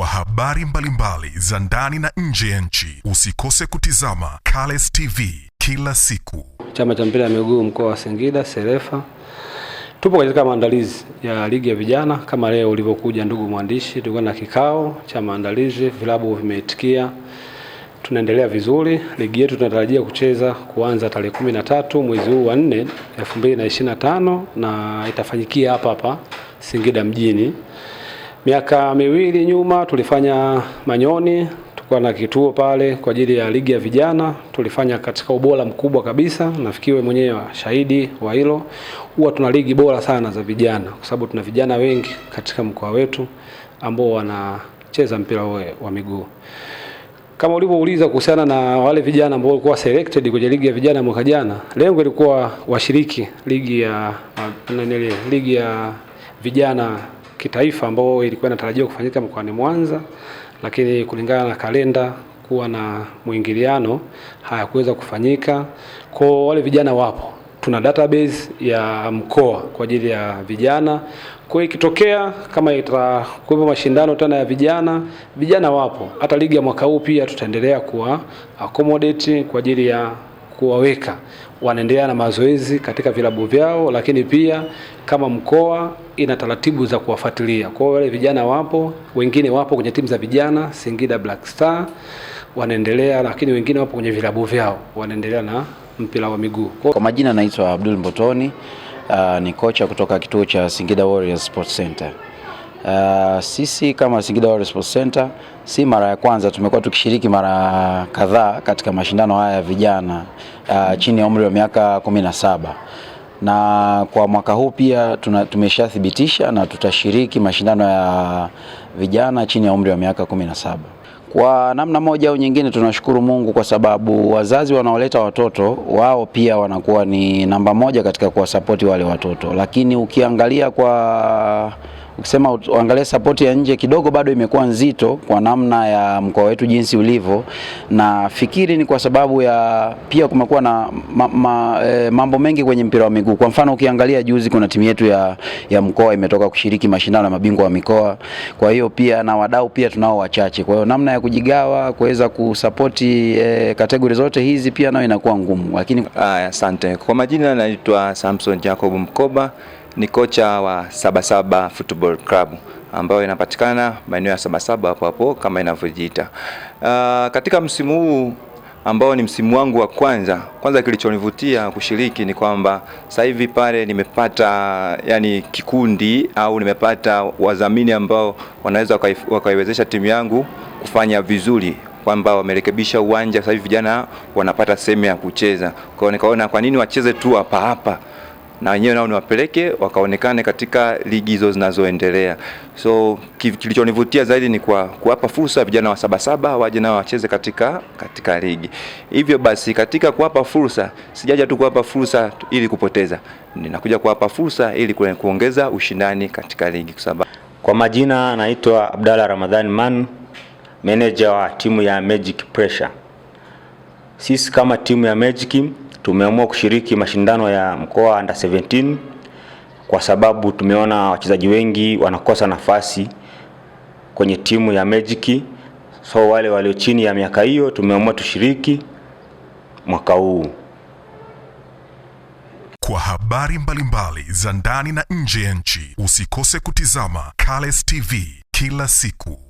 kwa habari mbalimbali za ndani na nje ya nchi. Usikose kutizama Kales TV kila siku. Chama cha mpira ya miguu mkoa wa Singida Serefa, tupo katika maandalizi ya ligi ya vijana. Kama leo ulivyokuja ndugu mwandishi, tulikuwa na kikao cha maandalizi, vilabu vimeitikia, tunaendelea vizuri. Ligi yetu tunatarajia kucheza kuanza tarehe kumi na tatu mwezi huu wa nne elfu mbili na ishirini na tano na itafanyikia hapa hapa Singida mjini. Miaka miwili nyuma tulifanya Manyoni, tulikuwa na kituo pale kwa ajili ya ligi ya vijana, tulifanya katika ubora mkubwa kabisa. Nafikiri mwenyewe shahidi wa hilo, huwa tuna ligi bora sana za vijana, kwa sababu tuna vijana wengi katika mkoa wetu ambao wanacheza mpira wa miguu. Kama ulivyouliza kuhusiana na wale vijana ambao walikuwa selected kwenye ligi ya vijana mwaka jana, lengo lilikuwa washiriki ligi ya ligi ya vijana kitaifa ambao ilikuwa inatarajiwa kufanyika mkoani Mwanza, lakini kulingana na kalenda kuwa na mwingiliano hayakuweza kufanyika. Kwa wale vijana wapo, tuna database ya mkoa kwa ajili ya vijana. Kwa hiyo ikitokea kama itakuwepo mashindano tena ya vijana, vijana wapo. Hata ligi ya mwaka huu pia tutaendelea kuwa accommodate kwa ajili ya kuwaweka wanaendelea na mazoezi katika vilabu vyao, lakini pia kama mkoa ina taratibu za kuwafuatilia. Kwa hiyo wale vijana wapo, wengine wapo kwenye timu za vijana Singida Black Star wanaendelea, lakini wengine wapo kwenye vilabu vyao wanaendelea na mpira wa miguu. Kwa majina naitwa Abdul Mbotoni. Uh, ni kocha kutoka kituo cha Singida Warriors Sports Center. Uh, sisi kama Singida Warrior Sports Center si mara ya kwanza, tumekuwa tukishiriki mara kadhaa katika mashindano haya ya vijana uh, chini ya umri wa miaka kumi na saba na kwa mwaka huu pia tumeshathibitisha na tutashiriki mashindano ya vijana chini ya umri wa miaka kumi na saba. Kwa namna moja au nyingine tunashukuru Mungu kwa sababu wazazi wanaoleta watoto wao pia wanakuwa ni namba moja katika kuwasapoti wale watoto, lakini ukiangalia kwa ukisema uangalie support ya nje kidogo bado imekuwa nzito kwa namna ya mkoa wetu jinsi ulivyo, na fikiri ni kwa sababu ya pia kumekuwa na ma, ma, e, mambo mengi kwenye mpira wa miguu. Kwa mfano ukiangalia juzi kuna timu yetu ya, ya mkoa imetoka kushiriki mashindano ya mabingwa wa mikoa, kwa hiyo pia na wadau pia tunao wachache, kwa hiyo namna ya kujigawa kuweza kusapoti e, eh, kategori zote hizi pia nayo inakuwa ngumu, lakini asante. Kwa majina naitwa Samson Jacob Mkoba ni kocha wa Sabasaba Football Club ambayo inapatikana maeneo ya Sabasaba hapo hapo kama inavyojiita. Uh, katika msimu huu ambao ni msimu wangu wa kwanza, kwanza kilichonivutia kushiriki ni kwamba sasa hivi pale nimepata yani kikundi au nimepata wadhamini ambao wanaweza wakaiwezesha timu yangu kufanya vizuri kwamba wamerekebisha uwanja, sasa hivi vijana wanapata sehemu ya kucheza. Kwa hiyo nikaona kwa nini wacheze tu hapa hapa na wenyewe nao niwapeleke wakaonekane katika ligi hizo zinazoendelea. So kilichonivutia zaidi ni kwa kuwapa fursa vijana wa Sabasaba waje nao wacheze katika, katika ligi. Hivyo basi katika kuwapa fursa sijaja tu kuwapa fursa ili kupoteza, ninakuja kuwapa fursa ili kuongeza ushindani katika ligi. Kwa sababu kwa majina naitwa Abdalla Ramadhan Man, manager wa timu ya Magic Pressure. Sisi kama timu ya Magic tumeamua kushiriki mashindano ya mkoa under 17 kwa sababu tumeona wachezaji wengi wanakosa nafasi kwenye timu ya Magic. So wale walio chini ya miaka hiyo tumeamua tushiriki mwaka huu. Kwa habari mbalimbali za ndani na nje ya nchi, usikose kutizama Cales TV kila siku.